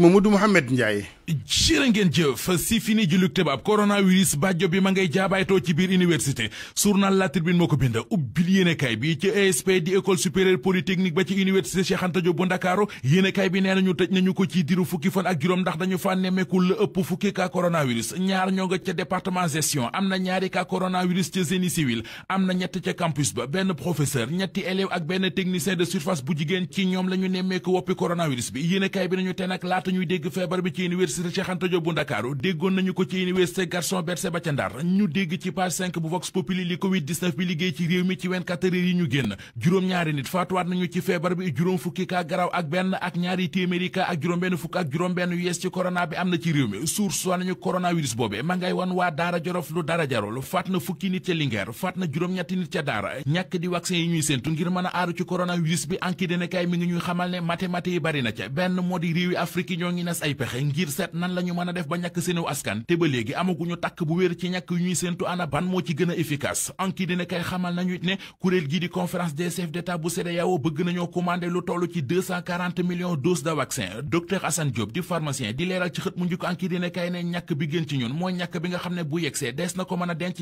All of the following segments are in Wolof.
Mamadou Mouhamed Ndiaye jërë ngeen jëf si fini ji luk tubaab coronavirus bàjjo bi ma ngay jaabaaytoo ci biir université journal La Tribune moo ko bind ubbil yéenekaay bi ci ESP di école supérieure polytechnique ba ci université Cheikh Anta bu Ndakaaru yéenekaay bi nee nañu tëj nañu ko ci diru fukki fan ak juróom ndax dañu fa nemmeeku la ëpp fukki cas coronavirus ñaar ñoo nga ca département gestion am na ñaari cas coronavirus ca génie civil am na ñett ca campus ba benn bu jigéen ci ñoom la ñu laata dégg feebar bi ci université Cheikh Anta Diop bu Ndakaaru déggoon nañu ko ci université Gaston Berger ba ca Ndar ñu dégg ci page 5 bu Vox bi liggéey ci réew mi ci 24 yi ñu génn juróom-ñaari nit faatuwaat nañu ci feebar bi juróom fukki kaa ak benn ak ñaari téeméeri kaa ak juróom-benn fukk ak juróom yu yees ci corona bi am na ci réew mi source wa nañu coronavirus boobee ma ngay wan waa daara jorof lu dara jarul faat na fukki nit ca Linguère faat na juróom-ñetti a aaru ci coronavirus bi anki dina ngi ñuy xamal ne ki ñoo ngi nas ay pexe ngir seet nan la mën a def ba ñàkk seenu askan te ba léegi amaguñu tàkk bu wér ci ñàkk yu ñuy séentu ana ban moo ci gën a efficace dina kay xamal nañu it ne kuréel gi di conférence des chefs d'état bu CEDEAO bëgg nañoo commandé lu toll ci 240 de vaccin docteur Assane Diop di pharmacien di leeral ci xët mu njëkk anki dina kay ne ñàkk bi gën ci ñun mooy ñàkk bi nga xam ne bu yegsee des na ko mën denc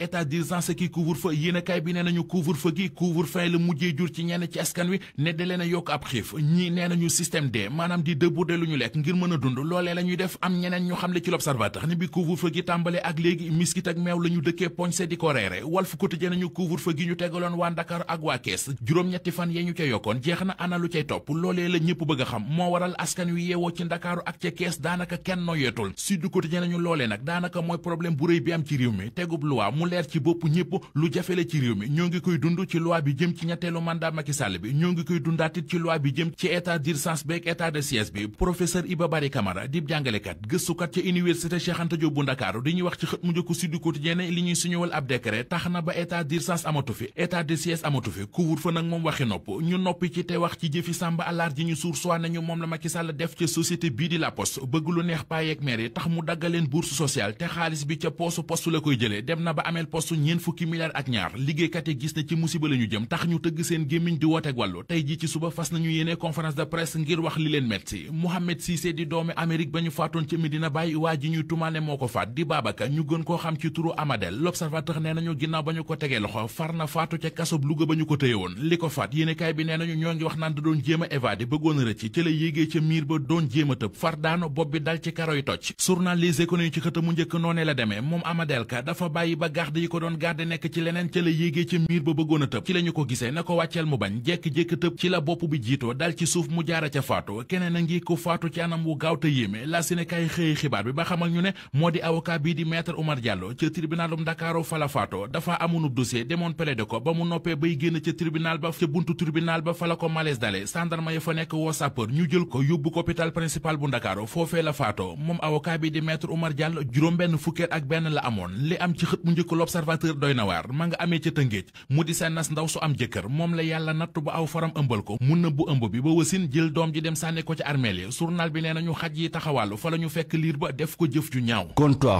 état d'urgence ki couvre-feu yéenekaay bi nee nañu couvre-feu gi couvre-fin la mujjee jur ci ñenn ci askan wi ne da leen a yokk ab xiif ñii nee nañu système D maanaam di déborde lu ñu lekk ngir mën a dund loole la ñuy def am ñeneen ñu xam le ci l'observateur ni bi couvre-feu gi tàmbale ak léegi miskit ak meew la ñu dëkkee poñse di ko reere Walf Quotidien nañu couvre-feu gi ñu tegaloon waa Dakar ak waa Kees juróom-ñetti fan yee ñu ca yokkoon jeex na ana lu cay topp loolee la ñëpp bëgg a xam moo waral askan wi yeewoo ci Ndakaaru ak Kees daanaka kenn noyeetul Sud Quotidien nañu loolee nag daanaka mooy problème bu rëy bi am ci réew mi tegub loi leer ci bopp ñëpp lu jafe la ci réew mi ñoo ngi koy dund ci loi bi jëm ci ñetteelu mandat Macky Sall bi ñoo ngi bi jëm Iba Bari Camara dib jàngalekat gëstukat ca université Cheikh Anta bu Ndakaaru dañuy wax ci xët mu njëkk Sud Quotidien li ñuy suñuwal ab décret tax na ba état d'urgence amatu fi état de siège amatu fi couvre-feu moom waxi nopp ñu noppi ci te wax ci jëfi Samba Allaar ji ñu suur soi nañu moom la Macky Sall def ca société bii di la poste mu daggaleen bourse sociale te xaalis la ameel poste ñeen fukki milliards ak ñaar liggéeykat yi gis ne ci musiba la jëm tax ñu tëgg seen gémmiñ di woote wàllu tey ji ci suba fas nañu yéene conférence de presse ngir wax li leen metti Mohamed Cissé di doomi Amérique ba ñu faatoon ci Medina Baye waa ji ñuy tumaane moo ko faat di Babacar ñu gën koo xam ci turu Amadel L'Observateur nee nañu ginnaaw ba ñu ko tegee loxo far na faatu ca kasob Louga ba ñu ko téye woon li ko faat yéenekaay bi nee da doon jéem a évadé bëggoon a garde yi ko doon garde nekk ci leneen ca la yéegee ci miir ba bëggoon a tëb ci la ñu ko gisee ne ko wàcceel mu bañ jekk-jékk tëb ci la bopp bi jiitoo dal ci suuf mu jaara ca faatu keneen a ngi ko faatu ci anam wu gaaw te yéeme la si ne xibaar bi ba xamal ñu ne moo di avocat bii di maître Oumar Diallo ca tribunalum Dakaaru fa la faatoo dafa amunub dossier demoon plaidé ko ba mu noppee bay génn ca tribunal ba ca buntu tribunal ba fa la ko malaise dale sandarma ya fa nekk woo sapeur ñu jël ko yóbbu ko hôpital principal bu Ndakaaru foofee la faatoo moom avocat bi di maître Oumar Diallo juróom benn fukkeet ak benn l'observateur doy na waar ma nga amee ca tëngéej mu di sa nas ndaw su am jëkkër moom la yàlla natt ba aw faram ëmbal ko mu nëbbu ëmb bi ba wasin jël doom ji dem sànni ko ci armeel yi journal bi nee na ñu xaj yi taxawàllu fa la ñu fekk liir ba def ko jëf ju ñaaw